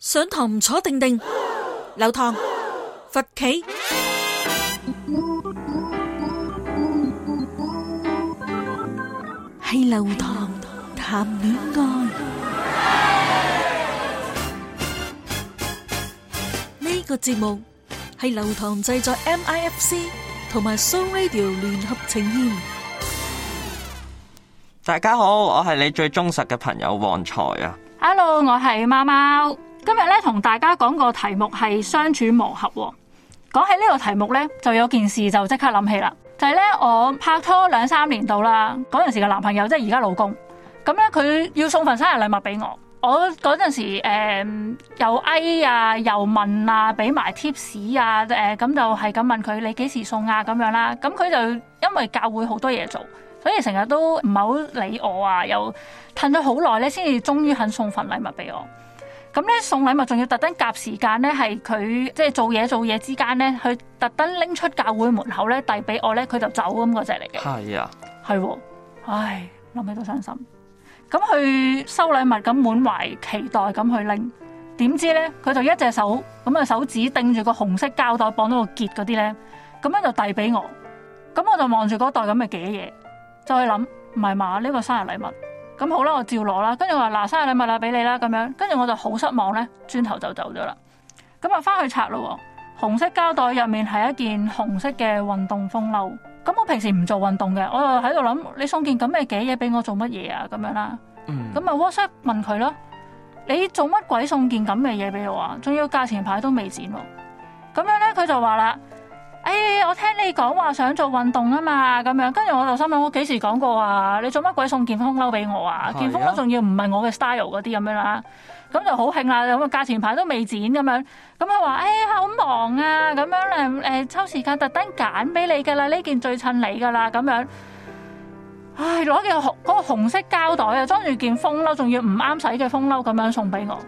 上堂唔坐定定，流堂佛企係流堂談戀愛。呢個節目係流堂製作 MIFC 同埋蘇 radio 聯合呈現。大家好，我係你最忠實嘅朋友旺財啊！Hello，我係貓貓。今日咧同大家講個題目係相處磨合，哦。講起呢個題目咧，就有件事就即刻諗起啦，就係、是、咧我拍拖兩三年度啦，嗰陣時嘅男朋友即係而家老公，咁咧佢要送份生日禮物俾我，我嗰陣時誒、呃、又囈啊又問啊，俾埋貼士啊，誒、呃、咁就係咁問佢你幾時送啊咁樣啦，咁佢就因為教會好多嘢做，所以成日都唔係好理我啊，又褪咗好耐咧，先至終於肯送份禮物俾我。咁咧送禮物仲要特登夾時間咧，係佢即係做嘢做嘢之間咧，佢特登拎出教會門口咧，遞俾我咧，佢就走咁嗰隻嚟嘅。係啊，係， 唉，諗起都傷心。咁佢收禮物滿懷，咁滿懷期待咁去拎，點知咧佢就一隻手咁啊手指掟住個紅色膠袋綁到個結嗰啲咧，咁樣就遞俾我，咁我就望住嗰袋咁嘅嘅嘢，就去諗唔係嘛呢個生日禮物。咁好啦，我照攞啦。跟住我話嗱，生日禮物啦，俾你啦，咁樣。跟住我就好失望咧，轉頭就走咗啦。咁啊，翻去拆咯。紅色膠袋入面係一件紅色嘅運動風褸。咁我平時唔做運動嘅，我就喺度諗你送件咁嘅嘅嘢俾我做乜嘢啊？咁樣啦，咁啊 WhatsApp 問佢咯，你做乜鬼送件咁嘅嘢俾我啊？仲要價錢牌都未剪喎，咁樣咧，佢就話啦。哎，我聽你講話想做運動啊嘛，咁樣，跟住我就心諗，我幾時講過啊？你做乜鬼送件風褸俾我啊？啊件風褸仲要唔係我嘅 style 嗰啲咁樣啦，咁就好慶啦，咁價錢牌都未剪咁樣，咁佢話，哎好忙啊，咁樣咧，誒、呃，抽時間特登揀俾你噶啦，呢件最襯你噶啦，咁樣，唉，攞件紅嗰、嗰個紅色膠袋啊，裝住件風褸，仲要唔啱使嘅風褸咁樣送俾我。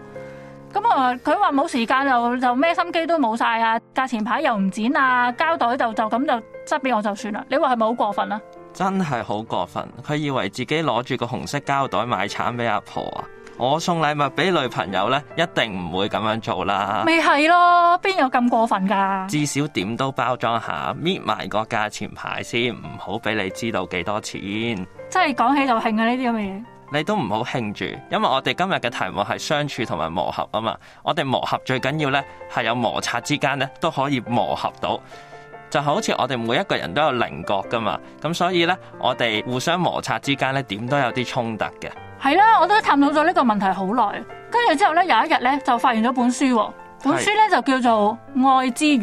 咁啊！佢話冇時間就就咩心機都冇晒啊！價錢牌又唔剪啊！膠袋就就咁就塞俾我就算啦！你話係咪好過分啊？真係好過分！佢以為自己攞住個紅色膠袋買橙俾阿婆啊！我送禮物俾女朋友呢，一定唔會咁樣做啦！咪係咯？邊有咁過分噶？至少點都包裝下，搣埋個價錢牌先，唔好俾你知道幾多錢。真係講起就興啊！呢啲咁嘅嘢。你都唔好慶住，因為我哋今日嘅題目係相處同埋磨合啊嘛。我哋磨合最緊要咧係有摩擦之間咧都可以磨合到，就好似我哋每一個人都有棱角噶嘛。咁所以咧，我哋互相摩擦之間咧點都有啲衝突嘅。係啦、啊，我都探討咗呢個問題好耐，跟住之後咧有一日咧就發現咗本書，本書咧就叫做《愛之語》，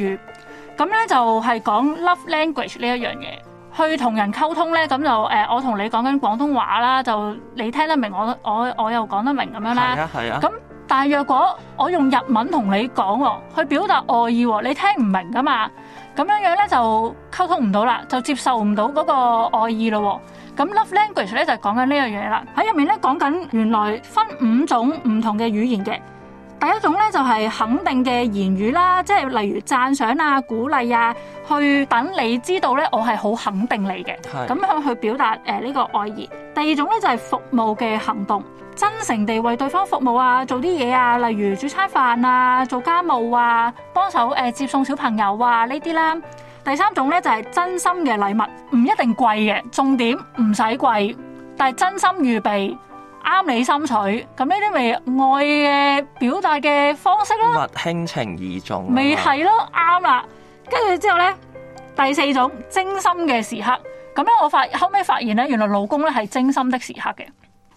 咁咧就係、是、講 Love Language 呢一樣嘢。去同人溝通咧，咁就誒、呃，我同你講緊廣東話啦，就你聽得明，我我我又講得明咁樣啦。係啊，係啊。咁但係若果我用日文同你講喎，去表達愛意喎，你聽唔明㗎嘛？咁樣樣咧就溝通唔到啦，就接受唔到嗰個愛意咯。咁 Love Language 咧就講緊呢樣嘢啦，喺入面咧講緊原來分五種唔同嘅語言嘅。第一種咧就係肯定嘅言語啦，即係例如讚賞啊、鼓勵啊，去等你知道咧，我係好肯定你嘅。咁是樣去表達誒呢個愛意。第二種咧就係服務嘅行動，真誠地為對方服務啊，做啲嘢啊，例如煮餐飯啊、做家務啊、幫手誒接送小朋友啊呢啲啦。第三種咧就係真心嘅禮物，唔一定貴嘅，重點唔使貴，但係真心預備。啱你心水，咁呢啲咪愛嘅表達嘅方式咯、啊，物輕情義重、啊，咪係咯，啱啦。跟住之後咧，第四種精心嘅時刻，咁樣我發後尾發現咧，原來老公咧係精心的時刻嘅，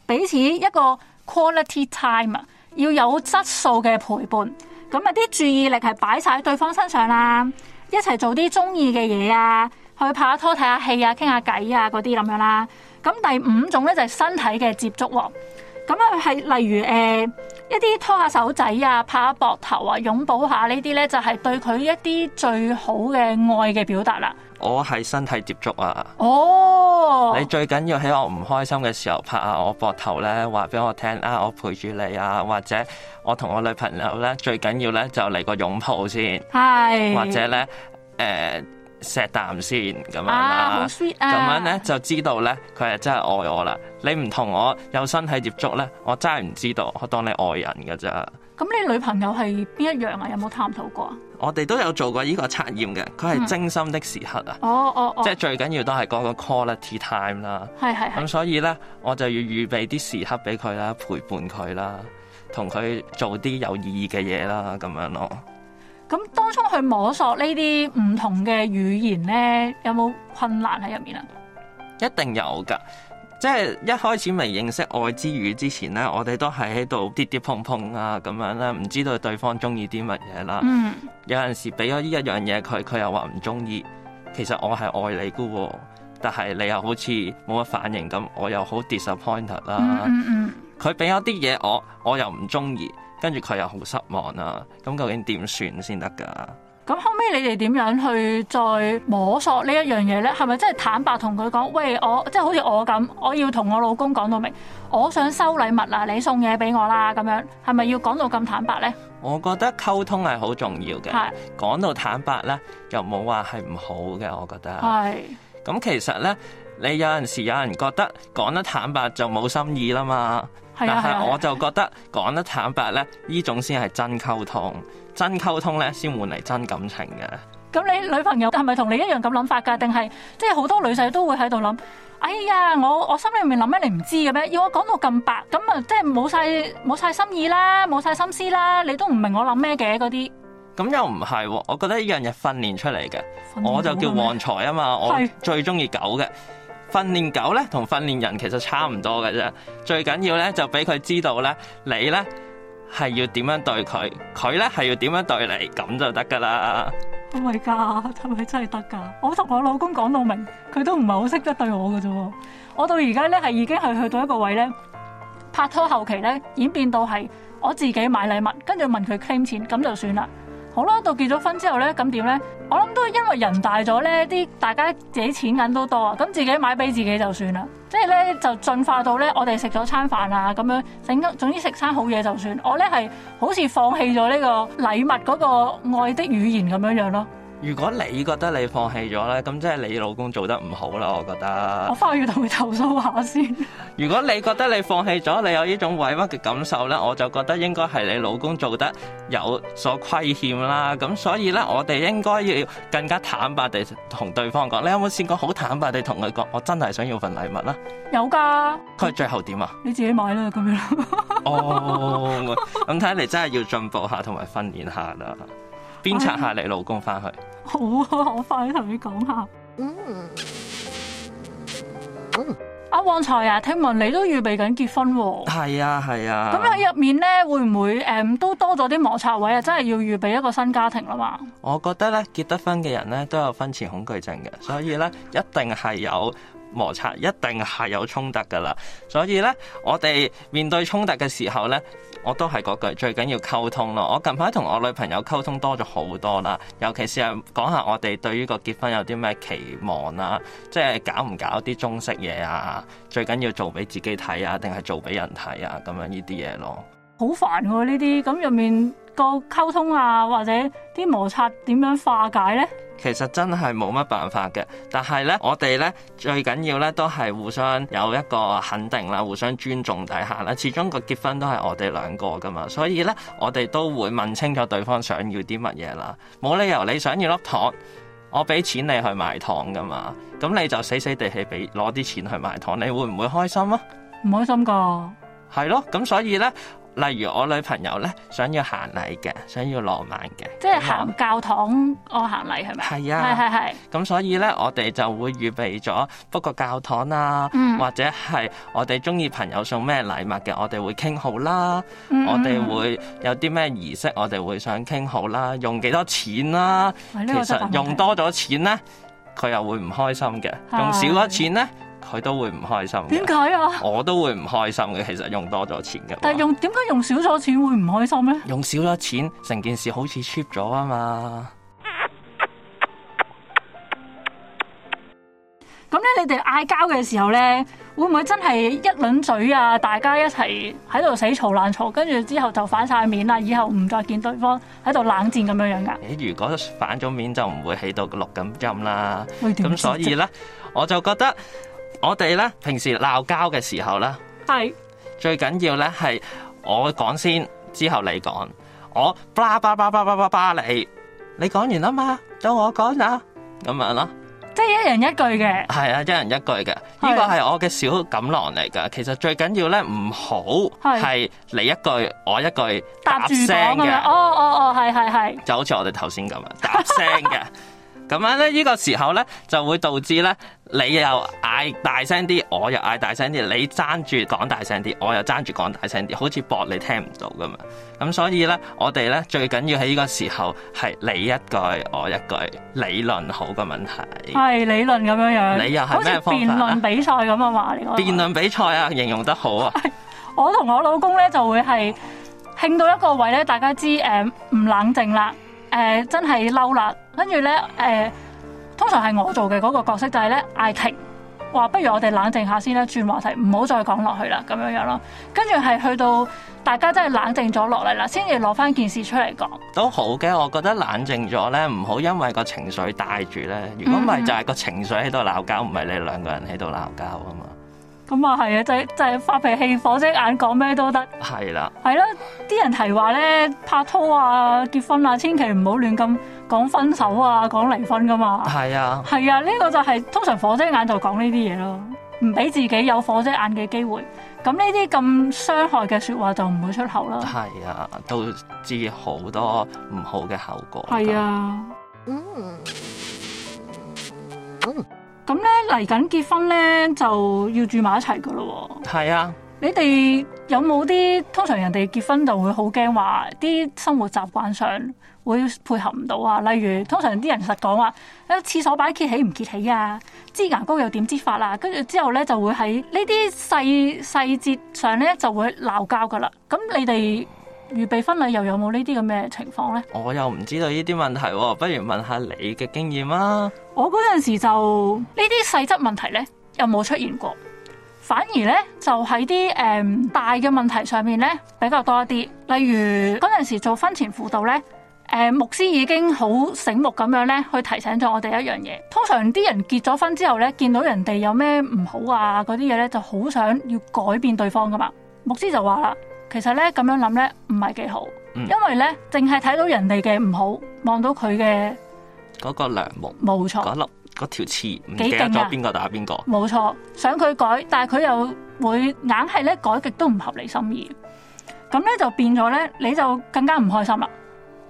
彼此一個 quality time，要有質素嘅陪伴，咁啊啲注意力係擺晒喺對方身上啦，一齊做啲中意嘅嘢啊，去拍下拖睇下戲啊，傾下偈啊嗰啲咁樣啦、啊。咁第五種咧就係身體嘅接觸喎，咁啊係例如誒一啲拖下手仔啊、拍下膊頭啊、擁抱下呢啲咧，就係對佢一啲最好嘅愛嘅表達啦。我係身體接觸啊！哦，你最緊要喺我唔開心嘅時候拍下我膊頭咧，話俾我聽啊，我陪住你啊，或者我同我女朋友咧最緊要咧就嚟個擁抱先，係或者咧誒。錫啖先咁、啊、樣啦，咁樣咧就知道咧，佢係真係愛我啦。你唔同我有身體接觸咧，我真係唔知道，我當你愛人嘅咋。咁你女朋友係邊一樣啊？有冇探討過？我哋都有做過呢個測驗嘅，佢係精心的時刻啊！哦哦哦，oh, oh, oh。即係最緊要都係嗰個 quality time 啦。係係。咁所以咧，我就要預備啲時刻俾佢啦，陪伴佢啦，同佢做啲有意義嘅嘢啦，咁樣咯。咁當初去摸索呢啲唔同嘅語言呢，有冇困難喺入面啊？一定有噶，即係一開始未認識愛之語之前呢，我哋都係喺度跌跌碰碰啊，咁樣啦，唔知道對方中意啲乜嘢啦。嗯，有陣時俾咗一樣嘢佢，佢又話唔中意，其實我係愛你噶喎、啊，但係你又好似冇乜反應咁，我又好 disappointed 啦、啊。嗯，嗯，嗯，佢俾咗啲嘢我，我又唔中意。跟住佢又好失望啊，咁究竟點算先得㗎？咁後尾你哋點樣去再摸索呢一樣嘢呢？係咪真係坦白同佢講：喂，我即係好似我咁，我要同我老公講到明，我想收禮物啊，你送嘢俾我啦，咁樣係咪要講到咁坦白呢？我覺得溝通係好重要嘅，係講是到坦白呢，又冇話係唔好嘅，我覺得係。咁是其實呢。你有陣時有人覺得講得坦白就冇心意啦嘛，啊啊啊、但係我就覺得講得坦白咧，呢種先係真溝通，真溝通咧先換嚟真感情嘅。咁你女朋友係咪同你一樣咁諗法噶？定係即係好多女仔都會喺度諗，哎呀，我我心裏面諗咩你唔知嘅咩？要我講到咁白咁啊，即係冇晒冇晒心意啦，冇晒心思啦，你都唔明我諗咩嘅嗰啲。咁又唔係、哦，我覺得呢樣嘢訓練出嚟嘅，我就叫旺財啊嘛，我最中意狗嘅。是訓練狗咧同訓練人其實差唔多嘅啫，最緊要咧就俾佢知道咧，你咧係要點樣對佢，佢咧係要點樣對你，咁就得噶啦。係噶？係咪真係得噶？我同我老公講到明，佢都唔係好識得對我嘅啫。我到而家咧係已經係去到一個位咧，拍拖後期咧演變到係我自己買禮物，跟住問佢 claim 錢，咁就算啦。好啦，到結咗婚之後咧，咁點咧？我諗都係因為人大咗咧，啲大家自己錢銀都多啊，咁自己買俾自己就算啦。即係咧，就進化到咧，我哋食咗餐飯啊，咁樣整，總之食餐好嘢就算。我咧係好似放棄咗呢個禮物嗰個愛的語言咁樣樣咯。如果你覺得你放棄咗咧，咁即係你老公做得唔好啦，我覺得。我翻去要同佢投訴下先。 如果你覺得你放棄咗，你有呢種委屈嘅感受咧，我就覺得應該係你老公做得有所虧欠啦。咁所以咧，我哋應該要更加坦白地同對方講。你有冇試過好坦白地同佢講，我真係想要份禮物啦？有噶的。佢係最後點啊？你自己買啦咁樣。哦，咁睇嚟真係要進步下同埋訓練下啦。鞭策下你老公翻去。哎？好啊，我返去同你講下。阿、嗯嗯啊、旺財啊，聽聞你都預備緊結婚喎。係啊，係啊。咁喺入面咧，會唔會誒、嗯，都多咗啲摩擦位啊？真係要預備一個新家庭啦嘛。我覺得咧，結得婚嘅人咧，都有婚前恐懼症嘅，所以咧，一定係有。摩擦一定係有衝突噶啦，所以呢，我哋面對衝突嘅時候呢，我都係嗰句最緊要溝通咯。我近排同我女朋友溝通多咗好多啦，尤其是係講下我哋對於個結婚有啲咩期望啦、啊，即係搞唔搞啲中式嘢啊？最緊要做俾自己睇啊，定係做俾人睇啊？咁樣呢啲嘢咯。好煩喎、啊！呢啲咁入面個溝通啊，或者啲摩擦點樣化解呢？其實真係冇乜辦法嘅。但係呢，我哋呢最緊要呢都係互相有一個肯定啦，互相尊重底下啦。始終個結婚都係我哋兩個噶嘛，所以呢，我哋都會問清楚對方想要啲乜嘢啦。冇理由你想要粒糖，我俾錢你去買糖噶嘛？咁你就死死地氣俾攞啲錢去買糖，你會唔會開心啊？唔開心噶，係咯咁，所以呢。例如我女朋友咧，想要行禮嘅，想要浪漫嘅，即係行教堂、嗯、我行禮係咪？係啊，係係係。咁所以咧，我哋就會預備咗，不過教堂啊，嗯、或者係我哋中意朋友送咩禮物嘅，我哋會傾好啦。嗯嗯，我哋會有啲咩儀式，我哋會想傾好啦，用幾多錢啦，啊？啊這個，其實用多咗錢咧，佢又會唔開心嘅；用少咗錢咧。佢都會唔開心。點解啊？我都會唔開心嘅。其實用多咗錢嘅，但係用點解用少咗錢會唔開心呢？用少咗錢，成件事好似 cheap 咗啊嘛！咁咧，你哋嗌交嘅時候呢，會唔會真係一輪嘴啊？大家一齊喺度死嘈爛嘈，跟住之後就反晒面啦，以後唔再見對方喺度冷戰咁樣樣噶？誒，如果反咗面就唔會喺度錄緊音啦。咁所以呢，我就覺得。我哋咧平時鬧交嘅時候咧，係是最緊要咧係我講先，之後你講，我叭叭叭叭叭叭叭你，你講完啦嘛，到我講啦，咁樣咯，即係一人一句嘅，係啊，一人一句嘅，呢個係我嘅小錦囊嚟噶。其實最緊要咧唔好係你一句是我一句搭聲嘅，哦哦哦，係係係，就好似我哋頭先咁樣，搭聲嘅。 咁樣咧，呢個時候咧就會導致咧，你又嗌大聲啲，我又嗌大聲啲，你爭住講大聲啲，我又爭住講大聲啲，好似搏你聽唔到咁樣！咁所以咧，我哋咧最緊要喺呢個時候係你一句我一句，理論好嘅問題係理論咁樣樣，你又係咩辯論比賽咁啊嘛？辯論比賽啊，形容得好啊！我同我老公咧就會係興到一個位咧，大家知誒唔冷靜啦。誒、呃、真係嬲啦，跟住咧誒，通常係我做嘅嗰個角色就係咧嗌停，話不如我哋冷靜下先啦，轉話題，唔好再講落去啦咁樣樣咯。跟住係去到大家真係冷靜咗落嚟啦，先至攞返件事出嚟講。都好嘅，我覺得冷靜咗咧，唔好因為個情緒帶住咧。如果唔係就係個情緒喺度鬧交，唔係你兩個人喺度鬧交啊嘛。咁啊，係啊、嗯，就就係發脾氣，火遮眼講咩都得。係啦。係咯，啲人提話咧，拍拖啊，結婚啊，千祈唔好亂咁講分手啊，講離婚噶嘛。係啊。係啊，呢個就係通常火遮眼就講呢啲嘢咯，唔俾自己有火遮眼嘅機會。咁呢啲咁傷害嘅說話就唔會出口啦。係啊，都知好多唔好嘅後果。係啊，咁咧嚟緊結婚咧，就要住埋一齊噶咯喎。係啊，你哋有冇啲通常人哋結婚就會好驚話啲生活習慣上會配合唔到啊？例如通常啲人實講話，啊廁所擺揭起唔揭起啊，支牙膏又點支法啊？跟住之後咧就會喺呢啲細細節上咧就會鬧交噶啦。咁你哋。預備婚禮又有冇呢啲咁嘅情況呢？我又唔知道呢啲問題，哦，不如問，問下你嘅經驗啦。我嗰陣時就呢啲細質問題呢，又冇出現過，反而呢，就喺啲誒大嘅問題上面呢，比較多一啲。例如嗰陣時做婚前輔導呢，誒、嗯、牧師已經好醒目咁樣呢，去提醒咗我哋一樣嘢。通常啲人結咗婚之後呢，見到人哋有咩唔好啊嗰啲嘢呢，就好想要改變對方㗎嘛。牧師就話啦。其實咧，咁樣諗咧，唔係幾好，嗯、因為咧，淨係睇到人哋嘅唔好，望到佢嘅嗰個樑木。冇錯，嗰粒、嗰個、嗰條刺，唔記得咗邊個打邊個，冇錯，想佢改，但係佢又會硬係咧改極都唔合你心意，咁咧就變咗咧，你就更加唔開心啦。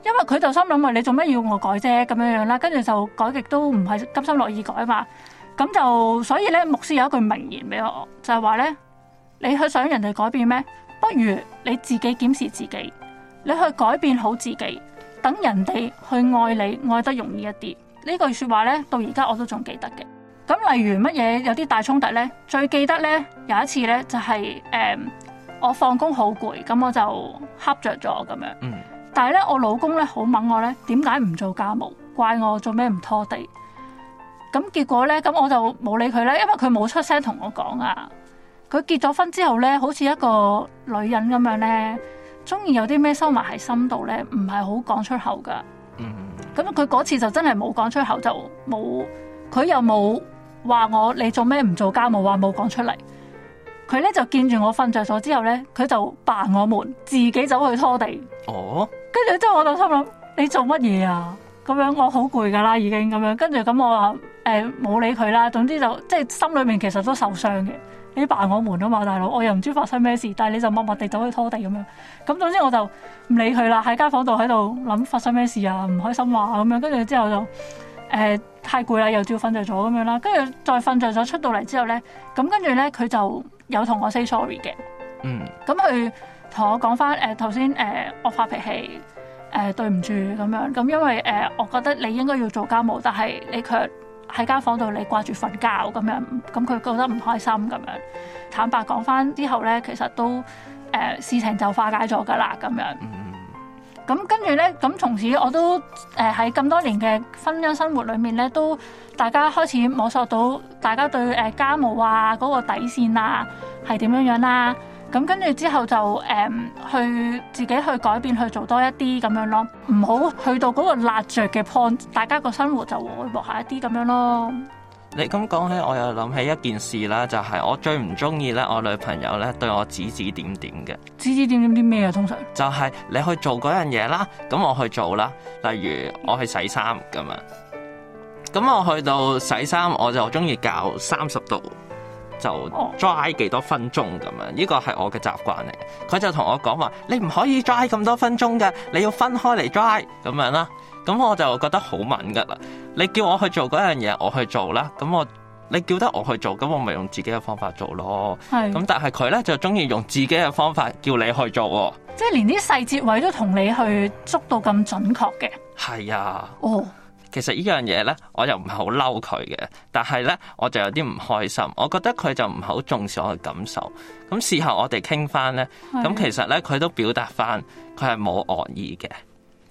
因為佢就心諗話，你做咩要我改啫？咁樣樣啦，跟住就改極都唔係甘心樂意改啊嘛。咁就所以咧，牧師有一句名言俾我，就係話咧，你去想人哋改變咩？不如你自己檢視自己，你去改變好自己，等人哋去愛你，愛得容易一啲。呢句說話呢，到而家我都仲記得嘅。咁例如乜嘢有啲大衝突呢，最記得呢，有一次呢，就係誒，我放工好攰，咁我就瞌着咗咁樣。嗯，但係呢，我老公呢，好掹我呢，點解唔做家務，怪我做咩唔拖地？咁結果呢，咁我就冇理佢呢，因為佢冇出聲同我講啊。佢結咗婚之後咧，好似一個女人咁樣咧，鍾意有啲咩收埋喺心度咧，唔係好講出口㗎。嗯，咁佢嗰次就真係冇講出口，就冇，佢又冇話我你做咩唔做家務，話冇講出嚟。佢咧就見住我瞓着咗之後咧，佢就扮我門自己走去拖地。哦，跟住之後我就心諗你做乜嘢啊？咁樣我好攰㗎啦，已經咁樣，跟住咁我話誒，冇理佢啦。總之就即係心裏面其實都受傷嘅。你扮我門啊嘛，大佬，我又唔知發生咩事，但係你就默默地走去拖地咁樣。咁總之我就唔理佢啦，喺間房度喺度諗發生咩事啊，唔開心話咁樣。跟住之後就誒、呃、太攰啦，又照瞓着咗咁樣啦。跟住再瞓着咗出到嚟之後咧，咁跟住咧佢就有同我 say sorry 嘅。嗯。咁佢同我講翻誒頭先誒我發脾氣誒、呃、對唔住咁樣咁，因為誒、呃、我覺得你應該要做家務，但係你卻。喺間房度你掛住瞓覺咁樣，咁佢覺得唔開心咁樣。坦白講翻之後咧，其實都誒、呃、事情就化解咗噶啦，咁樣。咁跟住咧，咁從此我都誒喺咁多年嘅婚姻生活裏面咧，都大家開始摸索到大家對誒家務啊嗰、那個底線啊係點樣樣、啊、啦。咁跟住之後就誒、嗯、去自己去改變去做多一啲咁樣咯，唔好去到嗰個辣著嘅 point，大家個生活就會活下一啲咁樣咯。你咁講起，我又諗起一件事啦，就係、是、我最唔中意咧，我女朋友咧對我指指點點嘅。指指點點啲咩啊？通常就係你去做嗰樣嘢啦，咁我去做啦。例如我去洗衫咁樣，咁我去到洗衫我就中意較三十度。就 dry 幾多，多分鐘咁樣，呢個係我嘅習慣嚟，佢就同我講話：你唔可以 dry 咁多分鐘噶，你要分開嚟 dry 咁樣啦。咁我就覺得好敏感啦。你叫我去做嗰樣嘢，我去做啦。咁我你叫得我去做，咁我咪用自己嘅方法做咯。係、啊。咁但係佢咧就中意用自己嘅方法叫你去做，即係連啲細節位都同你去捉到咁準確嘅。係啊。哦。其實呢樣嘢呢，我又唔係好嬲佢嘅，但係呢，我就有啲唔開心，我覺得佢就唔係好重視我嘅感受。咁事後我哋傾翻呢，咁是其實呢，佢都表達翻佢係冇惡意嘅，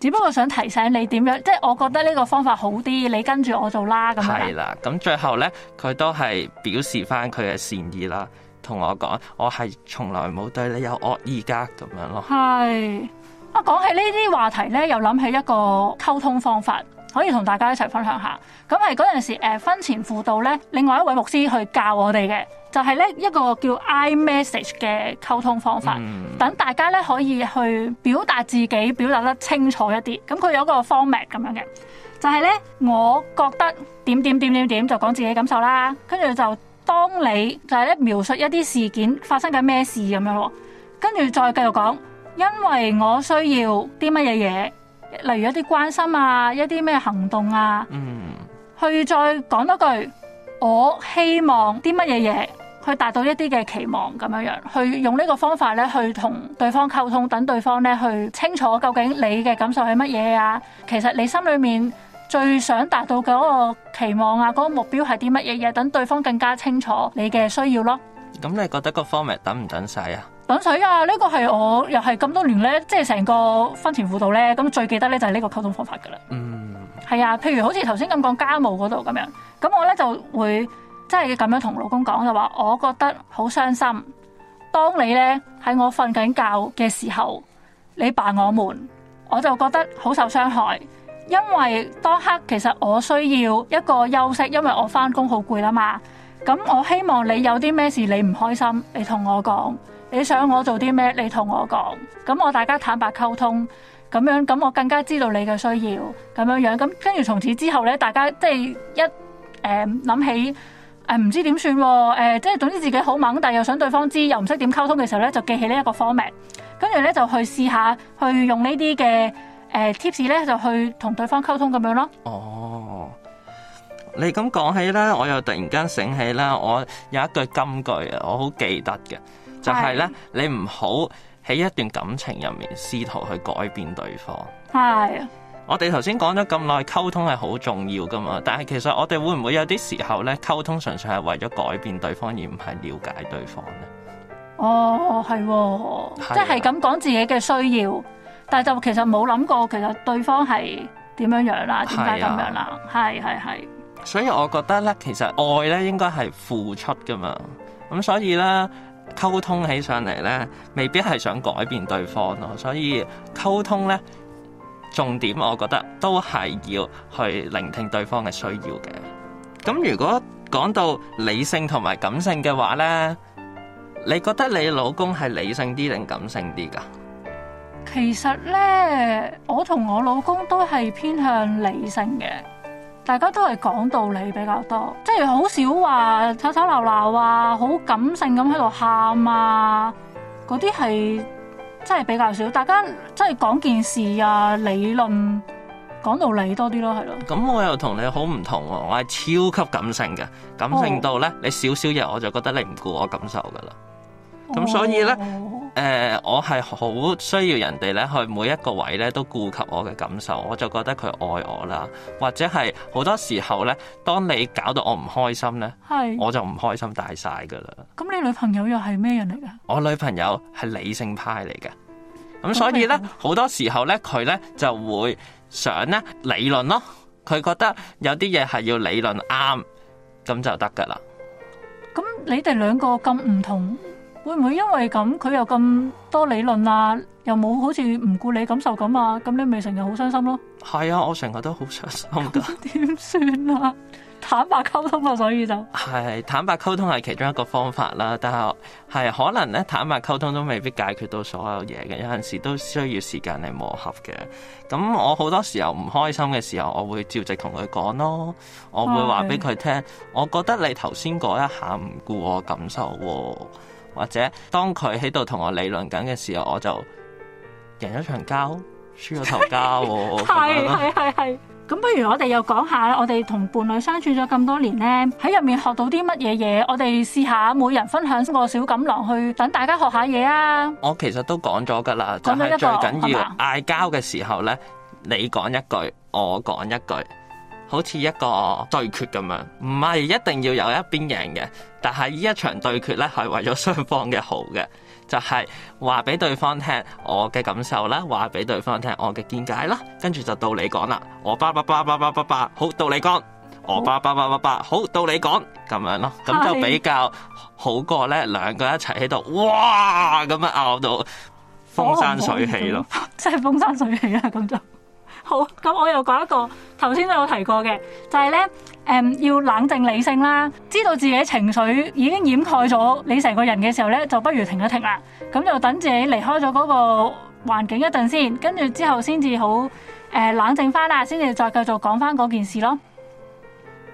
只不過想提醒你點樣，即係我覺得呢個方法好啲，你跟住我做啦咁樣。係啦，咁最後呢，佢都係表示翻佢嘅善意啦，同我講我係從來冇對你有惡意噶咁樣咯。係，啊講起呢啲話題呢，又諗起一個溝通方法。可以同大家一齊分享下，咁係嗰陣時誒婚前輔導咧，另外一位牧師去教我哋嘅，就係、是、咧一個叫 I message 嘅溝通方法，等、嗯、大家咧可以去表達自己，表達得清楚一啲。咁佢有個 format 咁樣嘅，就係、是、咧我覺得點點點點點，就講自己感受啦，跟住就當你就係咧描述一啲事件，發生緊咩事咁樣，跟住再繼續講，因為我需要啲乜嘢嘢。例如一啲關心啊，一啲咩行動啊，嗯、去再講多句，我希望啲乜嘢嘢，去達到一啲嘅期望咁樣樣，去用呢個方法咧去同對方溝通，等對方咧去清楚究竟你嘅感受係乜嘢啊，其實你心裏面最想達到嗰個期望啊，嗰、嗰個目標係啲乜嘢嘢？等對方更加清楚你嘅需要咯。咁、嗯、你覺得個方面等唔等晒啊？等水啊！呢、這個係我又係咁多年咧，即係成個婚前輔導咧，咁最記得咧就係呢個溝通方法噶啦。嗯，係啊，譬如好似頭先咁講家務嗰度咁樣，咁我咧就會即係咁樣同老公講就話，我覺得好傷心。當你咧喺我瞓緊覺嘅時候，你扮我悶，我就覺得好受傷害。因為當刻其實我需要一個休息，因為我返工好攰吖嘛。咁我希望你有啲咩事你唔開心，你同我講。你想我做啲咩？你同我講，咁我大家坦白溝通，咁樣咁我更加知道你嘅需要，咁樣樣咁，跟住從此之後咧，大家即係一誒諗、呃、起誒唔、哎、知點算、啊，誒、呃、即係總之自己好猛，但係又想對方知，又唔識點溝通嘅時候咧，就記起 at，呢一個 Format，跟住咧就去試下去用、呃、呢啲嘅誒 tips 咧，就去同對方溝通咁樣咯。哦，你咁講起咧，我又突然間醒起啦，我有一句金句，我好記得嘅。就係咧，你唔好喺一段感情入面試圖去改變對方。係的，我哋頭先講咗咁耐，溝通係好重要噶嘛。但係其實我哋會唔會有啲時候咧，溝通純粹係為咗改變對方，而唔係了解對方咧？哦，係，的即係咁講自己嘅需要，但係就其實冇諗過，其實對方係點樣樣啦？點解咁樣啦？係係係，所以我覺得咧，其實愛咧應該係付出噶嘛。咁所以咧。溝通起上嚟咧，未必係想改變對方咯，所以溝通咧，重點，我覺得都係要去聆聽對方嘅需要嘅。咁如果講到理性同埋感性嘅話咧，你覺得你老公係理性啲定感性啲㗎？其實咧，我同我老公都係偏向理性嘅。大家都係講道理比較多，即係好少話吵吵鬧鬧啊，好感性咁喺度喊啊，嗰啲係真係比較少。大家即係講件事啊，理論講道理多啲咯，係咯。咁我又同你好唔同喎，我係超級感性嘅，感性到呢，oh. 你少少嘢我就覺得你唔顧我感受噶啦。咁所以呢。Oh. 誒，uh, 我係好需要人哋咧，去每一個位咧都顧及我嘅感受，我就覺得佢愛我啦。或者係好多時候咧，當你搞到我唔開心咧，係是我就唔開心大晒噶啦。咁你女朋友又係咩人嚟噶？我女朋友係理性派嚟嘅，咁所以咧好多時候咧，佢咧就會想咧理論咯。佢覺得有啲嘢係要理論啱，咁就得噶啦。咁你哋兩個咁唔同？會唔會因為咁佢有咁多理論啊？又冇好似唔顧你感受咁啊？咁你咪成日好傷心咯？係啊，我成日都好傷心噶。點算 啊？坦白溝通啊，所以就係坦白溝通係其中一個方法啦。但係，係可能咧，坦白溝通都未必解決到所有嘢嘅。有陣時都需要時間嚟磨合嘅。咁我好多時候唔開心嘅時候，我會照直同佢講咯。我會話俾佢聽，是我覺得你頭先嗰一下唔顧我感受。或者當佢喺度同我理論緊嘅時候，我就贏咗場交，輸咗頭交喎。係係係係，咁不如我哋又講下，我哋同伴侶相處咗咁多年咧，喺入面，學到啲乜嘢嘢？我哋試下每人分享個小錦囊，去等大家學下嘢啊！我其實都講咗噶啦，但係最緊要嗌交嘅時候咧，你講一句，我講一句。好似一個對決咁樣，唔係一定要有一邊贏嘅，但係呢一場對決咧，係為咗雙方嘅好嘅，就係話俾對方聽我嘅感受啦，話俾對方聽我嘅見解啦，跟住就到你講啦，我叭叭叭叭叭叭，八，好到你講，好我叭叭叭叭叭，好到你講，咁樣咯，咁就比較好過咧，兩個一齊喺度，哇咁樣拗到風生水起咯，即係風生水起啊，咁就。好，咁我又講一個，頭先都有提過嘅，就係咧，誒，要冷靜理性啦，知道自己情緒已經掩蓋咗你成個人嘅時候咧，就不如停一停啦，咁就等自己離開咗嗰個環境一陣先，跟住之後先至好，誒，冷靜翻啦，先至再繼續講翻嗰件事咯。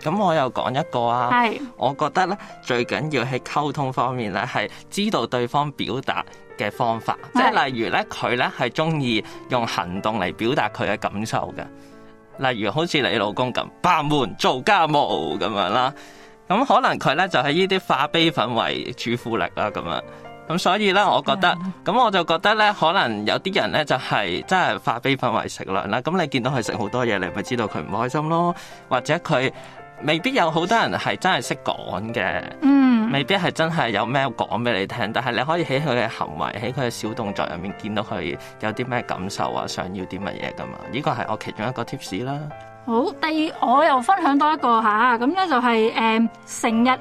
咁我又講一個啊，係，我覺得咧最緊要喺溝通方面咧，係知道對方表達。嘅方法，即係例如咧，佢咧係中意用行動嚟表達佢嘅感受嘅。例如好似你老公咁，把門做家務咁樣啦。咁可能佢咧就係呢啲化悲憤為主婦力啦。咁樣咁所以咧，我覺得咁的我就覺得咧，可能有啲人咧就係、是、真係化悲憤為食量啦。咁你見到佢食好多嘢，你咪知道佢唔開心咯。或者佢未必有好多人係真係識講嘅。嗯。未必係真係有咩講俾你聽，但係你可以喺佢嘅行為、喺佢嘅小動作入面見到佢有啲咩感受啊，想要啲乜嘢噶嘛？呢個係我其中一個 tips 啦。好，第二我又分享多一個吓。咁、啊、咧就係誒成日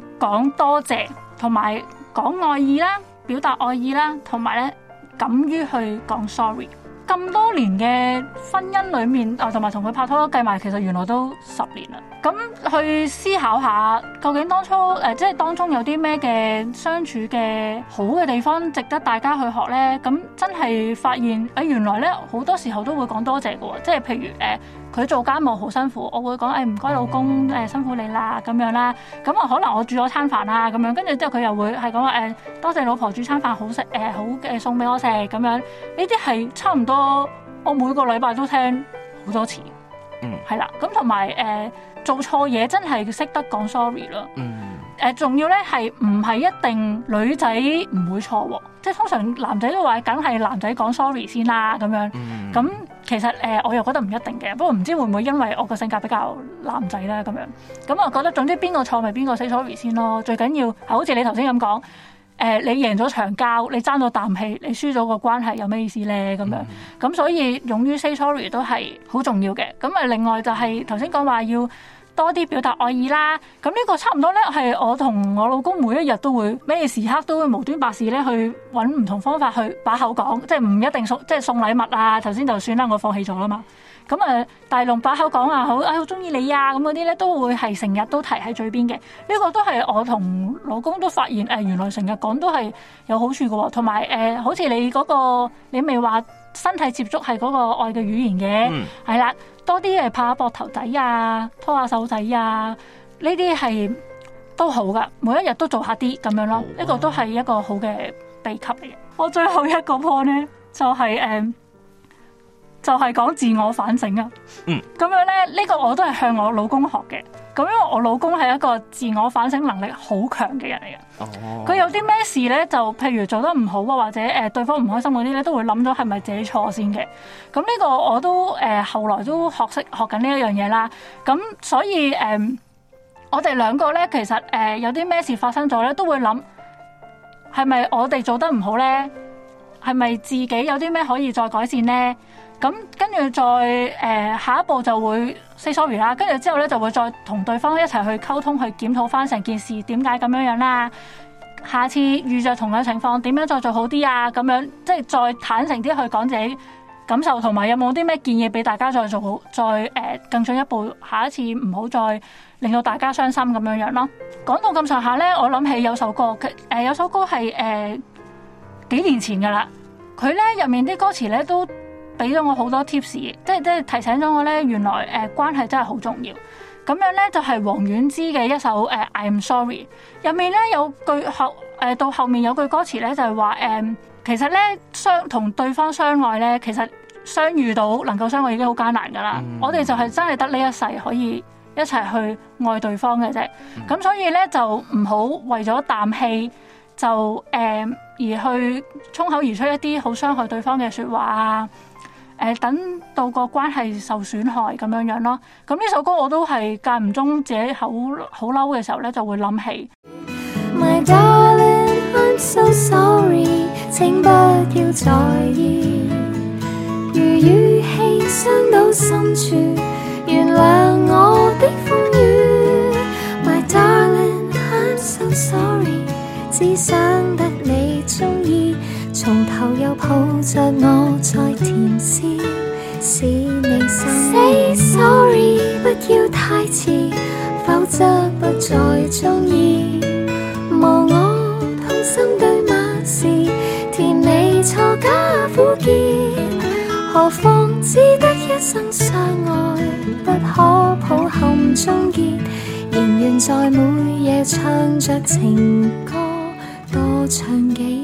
去講多謝，同埋講愛意啦，表達愛意啦，同埋咧敢於去講 sorry。咁多年嘅婚姻裏面，啊，同埋同佢拍拖計埋，其實原來都十年啦。咁去思考下，究竟當初誒、呃，即係當中有啲咩嘅相處嘅好嘅地方，值得大家去學呢？咁真係發現，啊、哎，原來呢好多時候都會講多謝㗎喎、哦，即係譬如誒，呃佢做家務好辛苦，我會講誒，唔該老公誒、呃、辛苦你啦咁樣啦，咁啊可能我煮咗餐飯啊咁樣，跟住之後佢又會係講話誒，多謝老婆煮餐飯好食誒、呃、好嘅餸俾我食咁樣，呢啲係差唔多我每個禮拜都聽好多次，嗯，係啦，咁同埋誒做錯嘢真係識得講 sorry 咯，嗯，仲要咧係唔係一定女仔唔會錯喎，即係通常男仔都話梗係男仔講 sorry 先啦咁樣，咁、嗯。嗯。其實誒、呃，我又覺得唔一定嘅，不過唔知會唔會因為我個性格比較男仔咧咁樣，咁我覺得總之邊個錯咪邊個 say sorry 先咯，最緊要係好似你頭先咁講，誒、呃、你贏咗場交，你爭咗啖氣，你輸咗個關係有咩意思咧咁樣，咁所以勇於 say sorry 都係好重要嘅，咁啊另外就係頭先講話要。多啲表達愛意啦，咁呢個差唔多咧，係我同我老公每一日都會咩時刻都會無端白事咧，去揾唔同方法去把口講，即係唔一定送，即係送禮物啊。頭先就算啦，我放棄咗啦嘛。咁啊、呃，大龍把口講啊，好啊，好中意你啊，咁嗰啲咧都會係成日都提喺嘴邊嘅。呢、呢個都係我同老公都發現，誒、呃、原來成日講都係有好處嘅喎。同埋誒，好似你嗰、嗰個你未話身體接觸係嗰個愛嘅語言嘅，係、嗯、啦。多啲誒，拍下膊頭仔啊，拖下手仔啊，呢啲係都好噶，每一日都做下啲咁樣咯，呢、oh, wow. 個都係一個好嘅秘笈嚟嘅。我最後一個 point 咧，就係、是、誒，um, 就係講自我反省啊。嗯、mm.，咁樣咧，呢個我都係向我老公學嘅，咁因為我老公係一個自我反省能力好強嘅人嚟嘅。佢有啲咩事咧，就譬如做得唔好啊，或者誒、呃、對方唔開心嗰啲咧，都會諗咗係咪自己錯先嘅。咁、嗯、呢、這個我都誒、呃、後來都學識學緊呢一樣嘢啦。咁、嗯、所以誒、嗯、我哋兩個咧，其實誒、呃、有啲咩事發生咗咧，都會諗係咪我哋做得唔好咧，係咪自己有啲咩可以再改善咧？咁跟住再誒、呃、下一步就會 say sorry 啦。跟住之後咧就會再同對方一齊去溝通，去檢討翻成件事點解咁樣樣啦。下次遇着同樣情況，點樣再做好啲啊？咁樣即係再坦誠啲去講自己感受，同埋有冇啲咩建議俾大家再做好，再誒、呃、更進一步，下一次唔好再令到大家傷心咁樣樣咯。講到咁上下咧，我諗起有首歌誒、呃，有首歌係誒、呃、幾年前㗎喇，佢咧入面啲歌詞咧都。俾咗我好多 tips，即係即係提醒咗我咧，原來誒、呃、關係真係好重要。咁樣咧就係王菀之嘅一首誒《呃、I Am Sorry》，入面咧有句後誒、呃、到後面有句歌詞咧就係話誒其實咧相同對方相愛咧，其實相遇到能夠相愛已經好艱難噶啦。Mm hmm. 我哋就係真係得呢一世可以一齊去愛對方嘅啫。咁、mm hmm. 所以咧就唔好為咗啖氣就誒、呃、而去衝口而出一啲好傷害對方嘅說話啊。誒等到個關係受損害咁樣樣咯，咁呢首歌我都係間唔中自己好好嬲嘅時候咧，就會諗起。My darling, I'm so sorry，請不要在意，如語氣傷到深處，原諒我的風雨。My darling, I'm so sorry，只想得你鍾意。從頭又抱着我再甜笑，使你心痛。Say sorry，不要太遲，否則不再鍾意。無我痛心對罵是甜美錯加苦澀。何況只得一生相愛，不可抱憾終結。仍然在每夜唱着情歌，多唱幾。